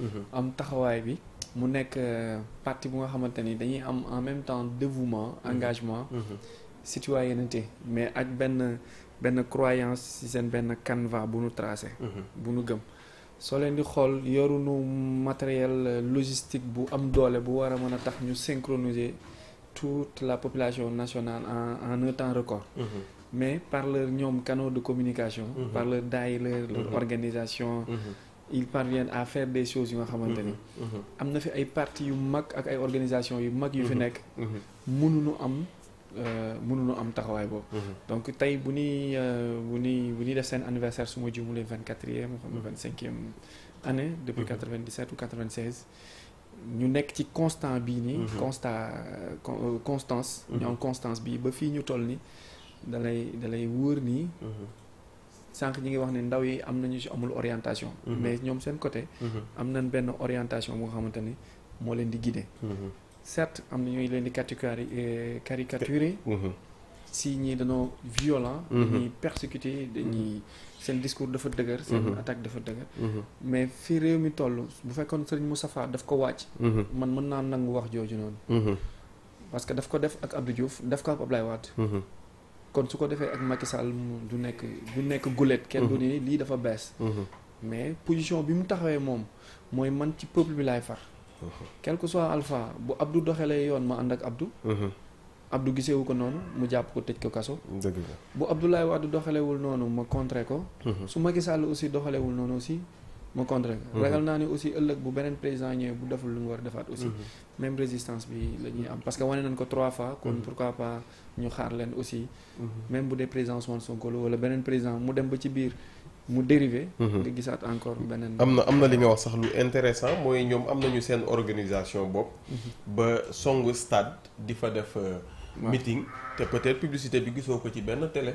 Mm-hmm. am taxawaay bi mu nekk euh, parti bu nga xamante ni dañuy am en même temps dévouement mm-hmm. engagement mm-hmm. citoyenneté mais ak benn benn croyance ci seen benn canevas bu nu tracé bu nu gëm soo leen di xool yoru yorunu matériel euh, logistique bu am doole bu war a mën a tax ñu synchroniser toute la population nationale en en un temps record mm -hmm. mais par ñoom canaux de communication mm -hmm. leur organisation ils parviennent à faire des choses yu nga xamante ni mm-hmm. Mm-hmm. am na fi ay parti yu mag ak ay organisation yu mag yu fi mm-hmm. nekk mënuñu am euh, mënuñu am taxawaay boobu donc tey bu ñuy euh, bu nuy bu ñuy def seen anniversaire su ma jumulee vingt quatrième xam vingt cinquième année depuis quatre vingt dix sept ou quatre vingt seize ñu nekk ci constant bii nii constat euh, constance ñu am constance bii ba fii ñu toll nii dalay dalay wóor nii sànq ñi ngi wax ne ndaw yi am na ñu si amul orientation. Mhm. mais ñoom seen côté. Mhm. am nañ benn orientation bu nga xamante ni moo leen di guider. Mhm. certes am na ñooy leen di eh, caricature caricaturer. si ñii dañoo violent. dañuy persécuter dañuy seen discours dafa dëgër. seen attaque dafa dëgër. mais fi réew mi toll bu fekkoon Serigne Moustapha daf ko wàcc. man mën naa nangu wax jooju noonu. parce que daf ko def ak Abdou Diouf daf ko ak Abdoulaye Wade. kon su ko defee ak Macky Sall du nekk du nekk gulet kenn du mhm. ni lii dafa bees mhm. mais position bi mu taxawee moom mooy man ci peuple bi laay far mhm. quel que soit alpha bu Abdou doxalee yoon ma ànd ak Abdou Abdou gisewu ko noonu mu jàpp ko tëj ko kaso bu Abdoulaye Wade doxalewul noonu ma contré ko su Macky Sall aussi doxalewul noonu aussi ma contre mhm. ragal naa ne aussi ëllëg bu beneen président ñëwee bu deful lu mu war a defaat aussi mhm. même résistance bi la am parce que wane nañ ko trois fois kon mhm. pourquoi pas ñu xaar leen aussi même bu dee présent Ousmane Sonko la wala beneen président mu dem ba ci biir mu dérivé nga gisaat encore beneen am na am na li nga wax sax lu intéressant mooy ñoom am nañu seen organisation bopp ba song stade di fa def euh, meeting te peut-être publicité bi gisoo ko ci benn télé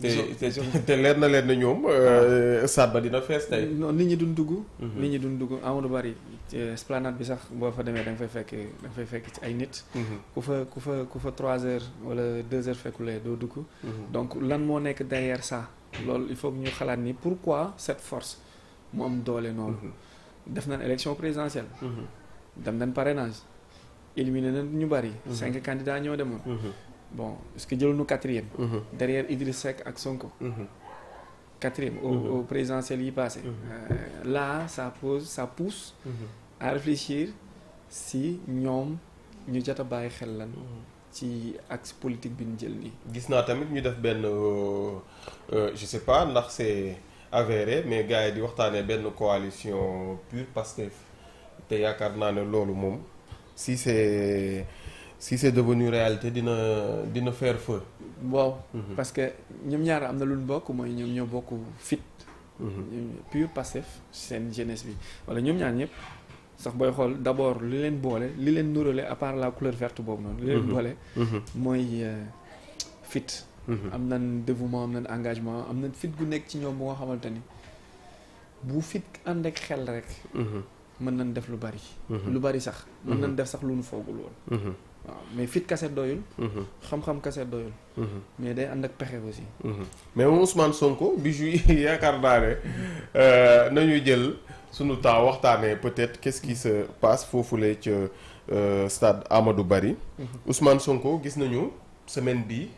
te leer na leen na ñoom ah. euh, stade ba dina fees tey. non nit ñi duñ dugg. Mhm. nit ñi duñ dugg amul bari. Euh, esplanade bi sax boo fa demee da nga fay fekk da fay fekk ci ay nit. Mhm. ku fa ku fa ku fa trois heures wala deux heures fekkulee doo dugg. Mhm. donc lan moo nekk derrière ça. loolu il faut que ñu xalaat ni pourquoi cette force mu am doole noonu. def nañ élection présidentielle. dem nañ parrainage éliminé nañ ñu bari. cinq candidats ñoo demoon. bon est-ce que jëlunu quatrième mhm. derrière Idriss Seck ak Sonko mhm. quatrième au mhm. présidentiel yi passé euh, là ça pose ça pousse à réfléchir si ñoom ñu jot a bàyyi xel lan ci axe politique bi ñu jël nii gis naa tamit ñu def benn euh, euh, je sais pas ndax c'est avéré mais gars di waxtaanee benn coalition pure parce que te yaakaar naa ne loolu moom si c'est si c'est devenu réalité dina dina faire feu. waaw mhm. parce que ñoom ñaar am na lu ñu bokk mooy ñoom ñoo bokk fit. Mhm. pur Pastef seen jeunesse bi wala ñoom ñaar ñëpp. sax booy xool d'abord li leen boole li leen nuroole à part la couleur verte boobu noonu. li leen mhm. boole. mooy euh, fit. am na dévouement am na engagement am nañ fit gu nekk ci ñoom bu nga xamante ni bu fit ànd xel rek. mën nañ def lu bari. lu bari sax. mën nañ def sax lu nu foogul woon. waaw mais fit kaset doyul. Mhm. xam-xam kaset doyul. Mhm. mais day ànd ak pexe si mhm. mais moom Ousmane Sonko bi ju yaakaar naa ne euh, nañu jël sunu temps waxtaanee peut-être qu'est-ce qui se passe foofule ca euh, stade Amadou Barry. Ousmane Sonko gis nañu semaine bi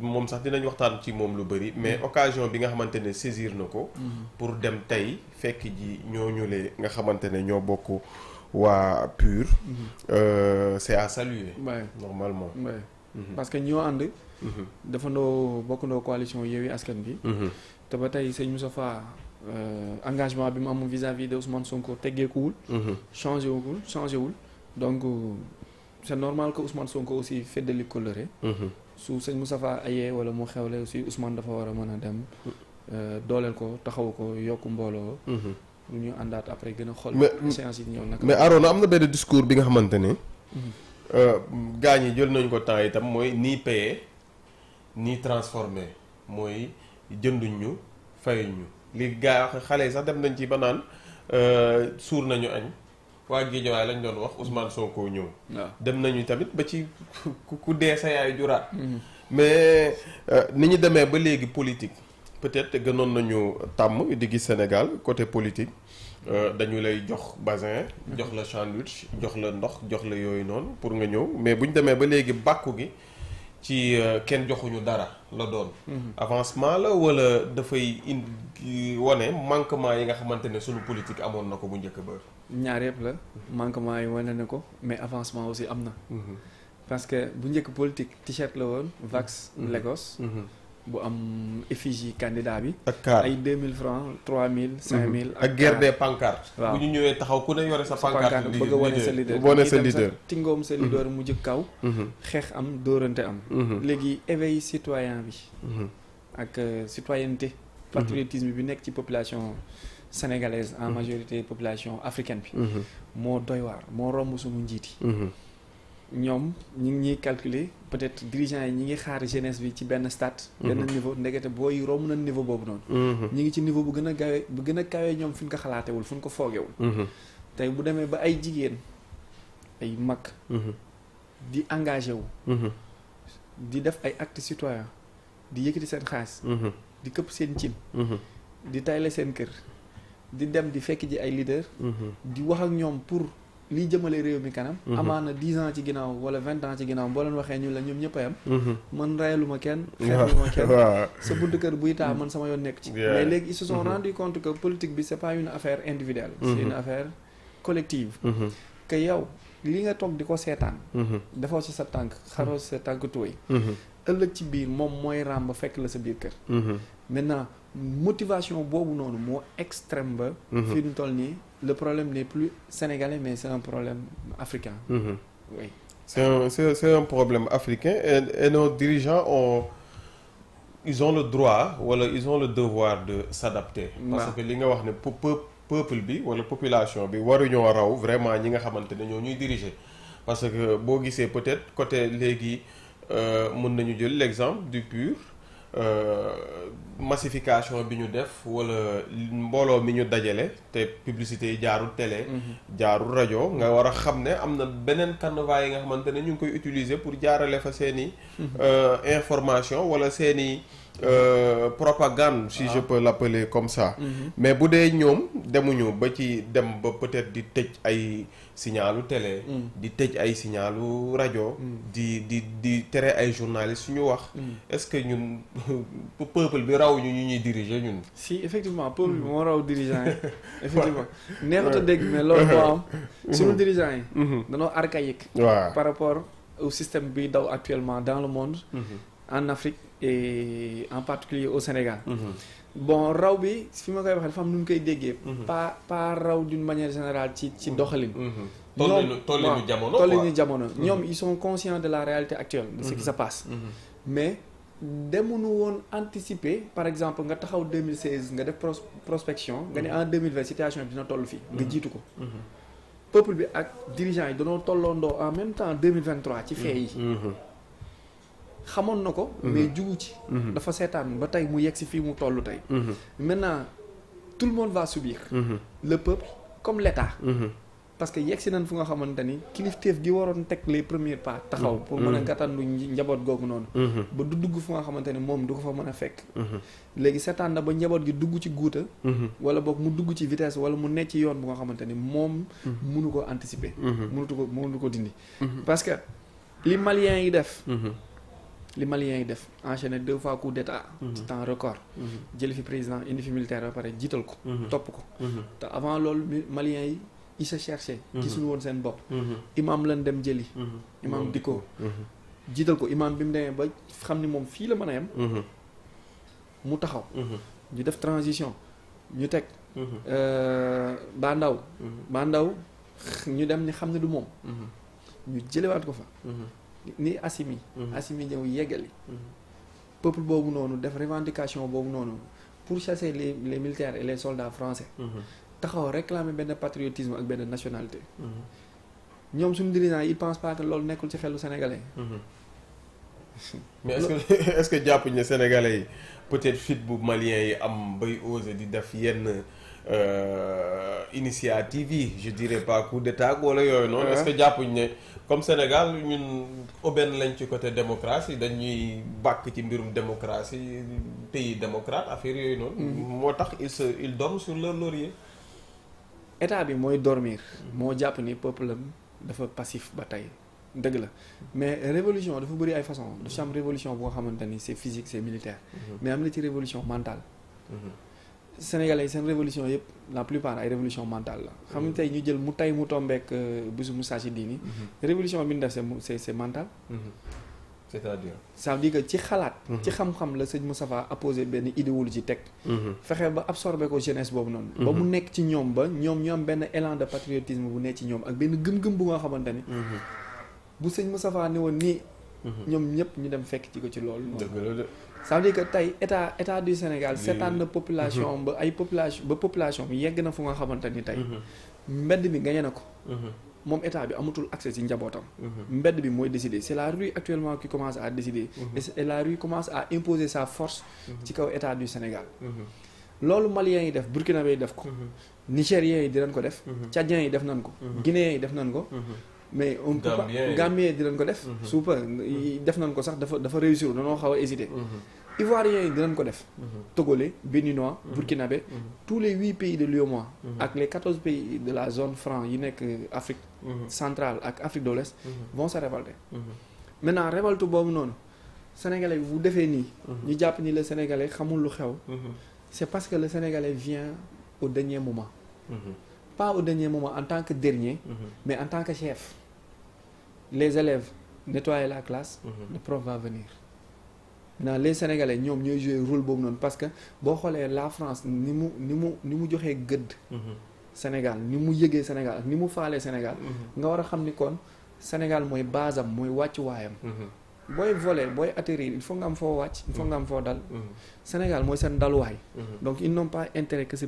moom sax dinañ waxtaan ci moom lu bëri mais occasion bi nga xamante ne saisir na ko. pour dem tey fekk ji ñoo le nga xamante ne ñoo bokk. waa PUR. Mhm. Euh, c'est à saluer. Ouais. normalement. Mhm. que ñoo ànd. Mhm. dafa bokk ndoo coalition Yewwi Askan Wi. te ba tey sëñ Moustapha euh, mu am vis-à-vis de Ousmane Sonko teggeekuwul. changé wul changé wul donc euh, c'est normal que Ousmane Sonko aussi feddali coloré. su sëñ Moustapha ayee wala mu xewle aussi Ousmane dafa war a mën a dem dooleel ko taxawu ko yokk mbooloo. lu ñu àndaat après gën a xool. séance yi ñëw nag mais Arona am na benn discours bi nga xamante ne. Mhm. Euh, gaañ yi jël nañ ko temps itam mooy nii paye nii transformé mooy jënduñ ñu fayuñ ñu li gaa xale yi sax dem nañ ci ba naan euh, suur nañu añ waa Guédiawaye lañ doon wax soo koo ñëw. dem nañu tamit ba ci ku dee sa yaay juraat. Mhm. mais euh, ni ñu demee ba léegi politique. peut-être gënoon nañu tàmm di gis Sénégal côté politique euh, dañu lay jox basin jox la sandwich jox la ndox jox la yooyu noonu pour nga ñëw mais bu ñu demee ba léegi bàkku gi ci euh, kenn joxuñu dara la doon. Mhm. avancement la wala dafay indi wane manquement yi nga xamante ne sunu politique amoon na ko bu njëkk ba. ñaar yëpp la manquement yi wane na ko mais avancement aussi am na. Mhm. parce que bu njëkk politique t-shirt la woon. Vax mhm. Lagos. bu am effigie candidat bi. ak mille ay 2000 mille 3000. Mhm. mille ak guerre des pancartes. waaw bu ñu ñëwee taxaw ku ne yore sa pancarte. bëgg a wane sa leader wane sa leader tingoom sa leader mhm. mu jëkk kaw. Mhm. xeex am dóorante am. léegi éveil citoyen bi. ak euh, citoyenneté. patriotisme bi nekk ci population sénégalaise en majorité population africaine bi. moo doy waar moo romb suñu njiit ñoom ñu ngi ñuy calculer peut-être yi ñi ngi xaar jeunesse bi ci benn stade. Mhm. benn niveau ndekete boo yi romb na niveau boobu noonu. Mhm. ñi ngi ci niveau bu gën a gaawee bu gën a kaawee ñoom fu ñu ko xalaatewul fu ñu ko foogewul. Mhm. tey bu demee ba ay jigéen ay mag. di engagé wu. di def ay actes citoyens di yëkkati seen xaalis. di këpp seen cin. di tayle seen kër. di dem di fekk ji ay leader. di wax ak ñoom pour. liy jëmale réew mi kanam. Mhm. amaana dix ans ci ginnaaw wala vingt ans ci ginnaaw boo leen waxee ñu la ñoom ñëpp a yam. Mhm. man rayelu kenn. xeexlu kenn sa buntu kër buy taa man sama yoon nekk ci. mais léegi ils se mhm. rendu compte que politique bi c' est pas une affaire individuelle. c' est une affaire collective. que yow li nga toog di ko seetaan. defoo ci sa tànk xaroo sa tànk tooy. ëllëg ci biir moom mooy ràmb fekk la sa biir kër. maintenant motivation boobu noonu moo ba. fi le problème n'est plus sénégalais mais c'est un problème africain. Mm c'est un problème africain et, et nos dirigeants ils ont le droit wala ils ont le devoir de s'adapter parce que li nga wax ne peuple bi wala population bi waruñoo raw vraiment ñi nga xamante ne ñoo ñuy diriger parce que boo gisee peut-être côté léegi euh, mun nañu jël l'exemple du PUR. Euh, massification bi ñu def wala mbooloo mi ñu dajale te publicité yi jaarul télé. Mhm. jaarul rajo nga war a xam ne am na beneen canevas yi nga xamante ne ñu ngi koy utiliser pour jaarale fa seen i. Mhm. Euh, information wala seen i. Euh, propagande si ah. je peux l'appeler comme ça mhm. mais bu dee ñoom demuñu ba ci dem ba peut-être di tëj ay signalu télé mhm. di tëj ay signalu rajo mhm. di di di tere ay journalistes suñu wax est-ce que ñun peuple bi raw ñu ñu ñuy diriger ñun si effectivement peuple bi moo raw dirigeant yi effectivement neexut a dégg mais loolu moo am suñu dirigeant yi danoo archaïque par rapport au système bi daw actuellement dans le monde -hmm. en Afrique en particulier au Sénégal. Mm bon raw bi fi ma koy waxee dafa am nu koy déggee. pas mhm. pas raw d'une manière générale ci ci mhm. doxalin. Mhm. ñoom tollinu jamono tollinu jamono. ñoom ils sont conscients de la réalité actuelle. de ce qui se passe. mais demuñu woon anticiper par exemple nga taxaw 2016 nga def prospection nga ne en 2020 situation bi dina toll fii. nga jiitu ko. peuple bi ak dirigeants yi danoo tolloondoo en même temps ci fee yi. xamoon na ko. Mhm. mais jugu ci. Mhm. dafa seetaan ba tey mu yegg si fii mu toll tey. Mhm. maintenant tout le monde va subir. le peuple comme l'État. parce que yegg si nañ fu nga xamante ni kilifteef gi waroon teg les premiers pas. taxaw pour mën a gàttandu njaboot googu noonu. ba du dugg fu nga xamante ni moom du ko fa mën a fekk. léegi seetaan na ba njaboot gi dugg ci guuta. wala book mu dugg ci vitesse wala mu nekk ci yoon bu nga xamante ni moom. mënu ko anticiper. mënutu ko mënutu ko dindi. parce que li Maliens yi def. li Maliens yi def enchaîné deux fois coup d'état mhm. ci temps record mhm. jël fi président indi fi militaire ba pare jiital ko mhm. topp ko te avant loolu Maliens yi ils se cherchaient gisuñu woon seen bopp imam lan dem jëli imam dikko jiital ko imam bi mu demee ba xam ni moom fii la mën a yem mu taxaw ñu def transition ñu teg euh, baa ndaw baa ndaw ñu dem ni xam ne du moom ñu jëlewaat ko fa ni Assimi mhm. Assimi ñëw yeggali mhm. peuple boobu noonu def revendication boobu noonu pour chasser les les militaires et les soldats français mhm. taxaw réclamer benn patriotisme ak benn nationalité ñoom suñu dirigeants yi ils pensent pas loolu nekkul ci xelu sénégalais mais est-ce que est que jàppuñ ne sénégalais yi peut-être fit bu malien yi am bay osé di def yenn Euh, initiative yi je dirais pas coup d'état wala yooyu noonu. est-ce que jàppuñ ne comme Sénégal ñun aubaine lañ ci côté démocratie dañuy bàkk ci mbirum démocratie pays démocrate affaire yooyu noonu. Mhm. moo tax il se il dorme sur leur laurier. état bi mooy dormir. moo jàpp ni peuple am dafa passif ba tey. dëgg la mais révolution dafa bëri ay façon dafa am révolution boo xamante ni c'est physique c'est militaire. Mhm. mais am na ci révolution mentale. Mhm. Sénégalais yi seen révolution yëpp la plupart ay révolution mentale la xam nga mm-hmm. tey ñu jël mu tay mu tombeek euh, bisu Moustarchidine diini mm-hmm. révolution bi ñu def c'est c'est mental mm-hmm. cest à que ci xalaat ci xam-xam la sëñ Moustapha apposé benn idéologie teg fexe ba absorbé ko jeunesse boobu noonu ba mu nekk ci ñoom ba ñoom ñu am benn élan de patriotisme bu nekk ci ñoom ak benn gëm-gëm bu nga xamante ni bu sëñ Moustapha ne woon nii Mhm. ñoom ñëpp ñu dem fekk ci ko ci loolu. dëgg ça veut dire que tey état état du Sénégal seetaan na population mhm. ba ay population ba population bi yegg na fu nga xamante ni tey. Mhm. mbedd mi gañe na ko. moom état bi amatul accès ci njabootam. mbedd bi mooy décider c' est la rue actuellement ki commence à décider. et la rue commence à imposer sa force. ci kaw état du Sénégal. loolu mal Maliens yi def Burkinabé yi def ko. Nigériens yi dinañ ko def. Tchadiens yi def nañ ko. Guinéens yi def nañ ko. mais on peut pas Gambien dinañ ko def. Mhm. suupa def nañ ko sax dafa dafa réussir danoo xaw a hésité. Mhm. Ivoiriens yi dinañ ko def. Mhm. Togolais Béninois Burkinabé. tous les huit pays de l'UEMOA. ak les quatorze pays de la zone franc yi nekk euh, Afrique. centrale ak Afrique de l'Ouest. vont se révolter. maintenant révolte boobu noonu sénégalais bi bu defee nii. ñu jàpp nii le sénégalais xamul lu xew. c'est parce que le sénégalais vient au dernier moment. pas au dernier moment en tant que dernier. Mhm. mais en tant que chef. les élèves nettoyer la classe. Mhm. le prof va venir. maintenant les sénégalais ñoom ñooy jouer rôle boobu noonu parce que boo xoolee la France ni mu ni mu ni mu joxee gëdd. Mhm. Sénégal ni mu yëgee Sénégal ni mu faalee Sénégal. nga war a xam ni kon Sénégal mooy base mooy wàcc waayam booy voler booy atterrir il faut nga am foo wàcc. il faut nga am foo dal. Sénégal mooy seen daluwaay. donc ils n'ont pas intérêt que ce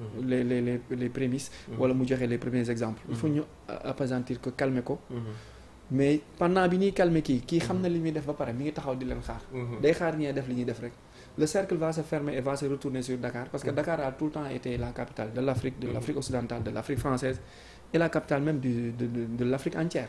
Mm-hmm. les les les les prémices. Mm-hmm. wala mu joxe les premiers exemples. il faut mm-hmm. ñu appesantir ko calmer ko. mais pendant bi ñuy calmer kii kii xam na li muy def ba pare mi ngi taxaw di leen xaar. day xaar ñee def li ñuy def rek. le cercle va se fermer va se retourner sur Dakar parce que Dakar tout le temps été la capitale de l'Afrique de l'Afrique occidentale de l'Afrique française et la capitale même de l'Afrique entière.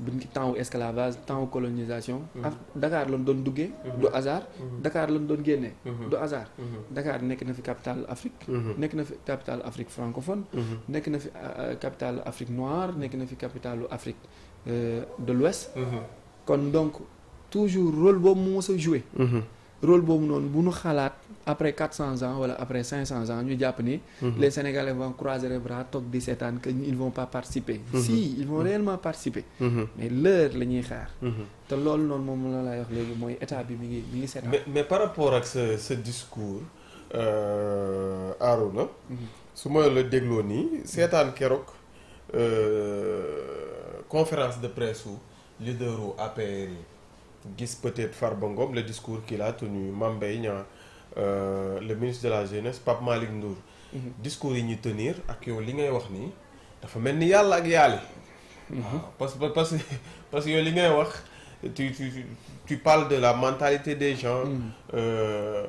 biñ ci temps wu esclavage temps wu colonisation. Mhm. af Dakar lañ doon duggee. Mhm. du hasard. Mhm. Dakar lañ doon génnee. du hasard. Dakar nekk na fi capitale Afrique. nekk na fi capitale Afrique francophone. nekk na fi euh, euh, capitale Afrique noire nekk na fi capitale Afrique euh, de l'Ouest. kon donc toujours rôle boobu moo sa joué. rôle boobu noonu bu nu xalaat après quatre cent ans wala après cinq cent ans ñu jàpp ni. Mhm. les sénégalais vont croiser les bras toog di seetaan que ils vont pas participer. Mhm. si ils vont mhm. réellement participer. mais l'heure la ñuy xaar. te loolu noonu moom la lay wax léegi mooy état bi mi ngi mi ngi seetaan. mais mais par rapport ak sa sa discours euh, Arouna. dégloo nii seetaan keroog euh, conférence de presse su leaderu yi. gis peut-être Farba Ngom le discours qu'il a tenu Mame Mbaye Niang euh, le ministre de la jeunesse Pape Malick Ndour mhm. discours yi ñu tenir ak yow li ngay wax nii dafa mel ni yàlla ak yàlla mhm. parce que parce que parce que yow li ngay wax tu tu tu parles de la mentalité des gens mhm. euh,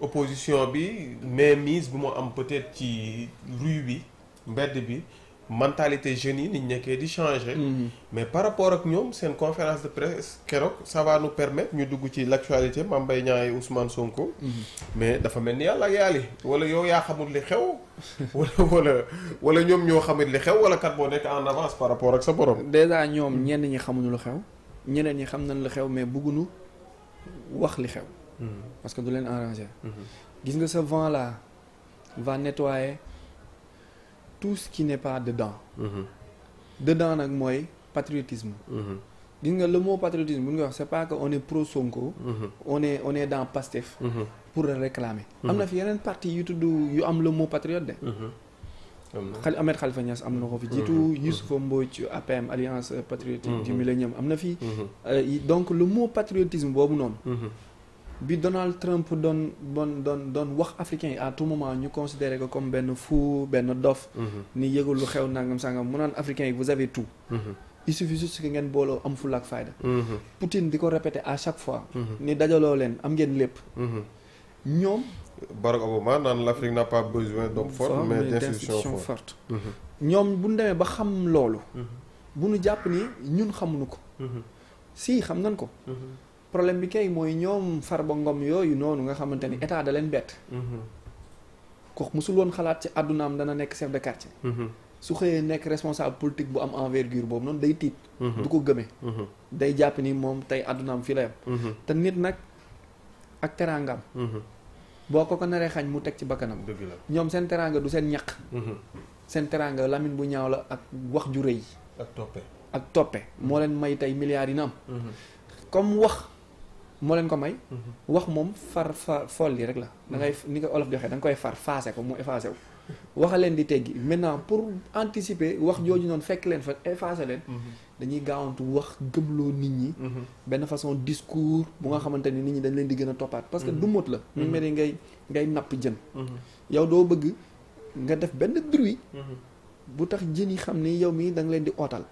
opposition bi mais mise bi mu am peut-être ci rue bi mbedd bi mentalité jeunes yi niñ nekkee di changer. Mm-hmm. mais par rapport ak ñoom seen conférence de presse keroog ça va ñu dugg ci l' actualité Mame Mbaye Niang ak Ousmane Sonko. Mm-hmm. mais dafa mel ni yàlla ak yàlla wala yow yaa xamul li xew. wala wala wala ñoom ñoo xamul li xew wala kat boo nekk en avance par rapport ak sa borom. dèjà ñoom mm-hmm. ñenn ñi xamuñu lu xew. ñeneen ñi xam nañ lu xew mais bëgguñu wax li xew. parce que du leen arranger. gis nga ce vent là va nettoyer. tout ce qui n'est pas dedans. Mm-hmm. dedans nag mooy patriotisme. Mm-hmm. gis nga le mot patriotisme bu ñu wax c'est pas que on est pro Sonko. Mm-hmm. on est on est dans Pastef. pour réclamer. am na fi yeneen parti yu tudd yu am la mot patriote de. xali Ahmed Khalifa Niass am na ko fi jiitu Youssoufa Mbodj APM alliance patriotique du millénium am na fi euh, donc le mot patriotisme boobu noonu bi Donald Trump doon doon doon doon wax africain yi à tout ñu considéré ko comme benn fou benn dof. Mhm. ni yëgul lu xew nangam sangam mu naan africain yi vous avez tout. Mhm. il suffit juste que ngeen booloo am fulla ak fayda. Mhm. Poutine di ko répété à chaque fois. ni dajaloo leen am ngeen lépp. ñoom. Barack Obama naan l' Afrique n' a pas besoin d' hommes forts mais d' institutions ñoom bu ñu demee ba xam loolu. bu ñu jàpp ni ñun xamuñu ko. si xam nañ ko. problème bi kay mooy ñoom Farba Ngom yooyu noonu nga xamante ni état da leen bett. Mhm. ko musul woon xalaat ci àddunaam dana nekk chef de quartier. Mhm. su xëyee nekk responsable politique bu am envergure boobu noonu day tiit. Mhm. du ko gëmee. day jàpp ni moom tey àddunaam fi la te nit nag ak teraangam. boo ko ko naree xañ mu teg ci bakkanam. ñoom seen teraanga du seen ñaq. seen teraanga lamine bu ñaaw la ak wax ju rëy. ak toppe moo leen may tey milliards yi na comme moo leen ko may. Mhm. wax moom far far folli rek la. Mhm. da ngay ni ko olof joxee da nga koy far faase ko mu effacé wu. waxa leen di teggi maintenant pour anticiper wax jooju noonu fekk leen fa effacé leen. Mhm. dañuy gaawantu wax gëmloo nit ñi. benn façon discours bu nga xamante nit ñi dañ leen di gën a toppaat. parce du mot la. mu mel ngay napp jën. yow doo bëgg nga def benn bruit. bu tax jën yi xam ni yow mii da leen di ootal.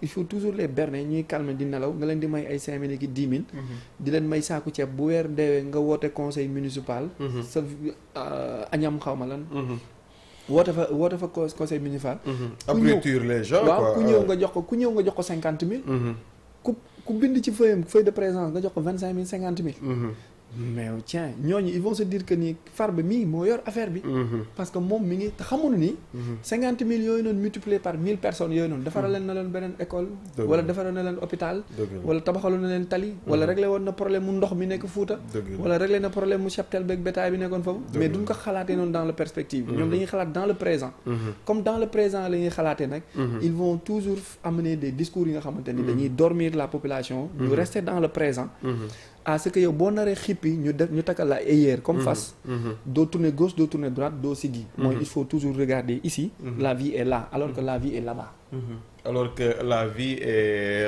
il faut toujours les berner ñuy calmer di nelaw nga leen di may ay cinq mille ki dix mhm. di leen may saaku ceeb bu weer deewee nga woote conseil municipal mhm. sa euh, añam xaw ma lan mhm. woote fa woote fa conseil municipal abrutir les gens waaw ku ñëw nga jox ko ku ñëw nga jox ko cinquante mille ku ku bind ci feuille feuille de présence nga jox ko vingt cinq mille cinquante mille mais tiens ñooñu ils vont se dire que ni Farba mii moo yor affaire bi. Mhm. parce que moom mi ngi te xamuñu ni. Mhm. cinquante mille yooyu noonu multiplié par mille personnes yooyu noonu. defaraloon mhm. na beneen école. wala defaroon na problème mu ndox mi nekk Fuuta. wala réglé na problème mu cheptel beeg bétail bi nekkoon foofu. mais duñ ko xalaatee noonu dans la perspective. ñoom dañuy xalaat dans le présent. comme dans le présent la xalaatee nag. ils vont toujours amener des discours à ce que yow boo naree xippi ñu def ñu takkal la ailleurs comme mhm. face mhm. doo tourner gauche doo tourner droite doo siggi mhm. mooy il faut toujours regarder ici la vie est là alors que la vie est là alors que la vie est